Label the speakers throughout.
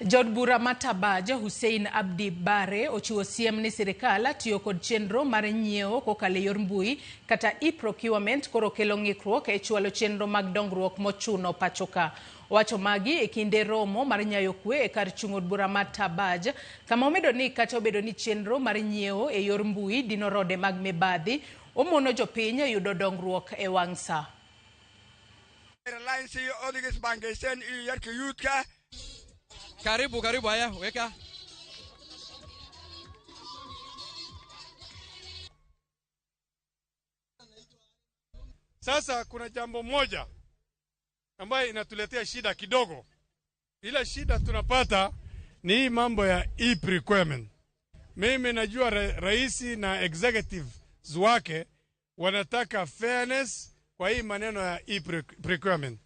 Speaker 1: Jod bura ma Tabajo Hussein Abdi Bare ochiwo siem ni sirikal tiyo kod chenro mar nyiewo kokalo e yor mbui kata e-procurement koro kelo ng'ikruok e chwalo chenro mag dongruok mochuno pacho ka. Wacho magi e kinde romo mar nyayo kwe e kar chung od bura ma Tabaj kama omedo ni kata obedo ni chenro mar nyiewo e yor mbui dino rode mag mibadhi omono jopiny yudo dongruok e wang' sa.
Speaker 2: Karibu, karibu. Haya, weka
Speaker 3: Sasa kuna jambo moja ambayo inatuletea shida kidogo. Ile shida tunapata ni hii mambo ya e-procurement. Mimi najua rais na executive wake wanataka fairness kwa hii maneno ya e-procurement,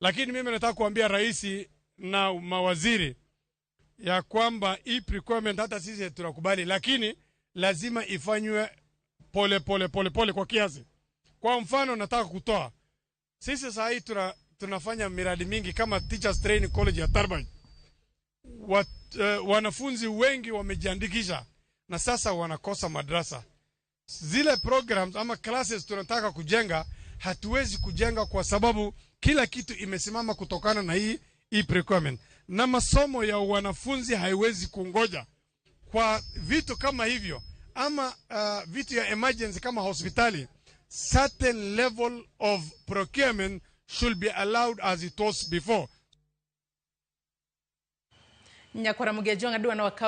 Speaker 3: lakini mimi nataka kuambia rais na mawaziri ya kwamba hii procurement hata sisi tunakubali, lakini lazima ifanywe pole pole pole pole kwa kiasi. Kwa mfano, nataka kutoa sisi saa hii tuna, tunafanya miradi mingi kama Teachers Training College ya Tarban. Wat, uh, wanafunzi wengi wamejiandikisha na sasa wanakosa madrasa. Zile programs ama classes tunataka kujenga hatuwezi kujenga kwa sababu kila kitu imesimama kutokana na hii hii na masomo ya wanafunzi haiwezi kungoja kwa vitu kama hivyo, ama uh, vitu ya emergency kama hospitali. Certain level of procurement should be allowed as it was before. nyakora Mugia Jong na wakao